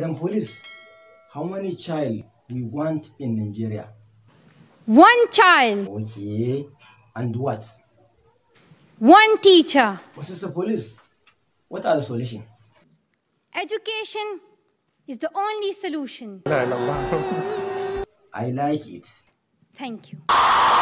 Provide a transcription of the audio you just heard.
Madam Police, how many child we want in Nigeria? One child. Okay. And what? One teacher. What is the Police, what are the solution? Education is the only solution. I like it. Thank you.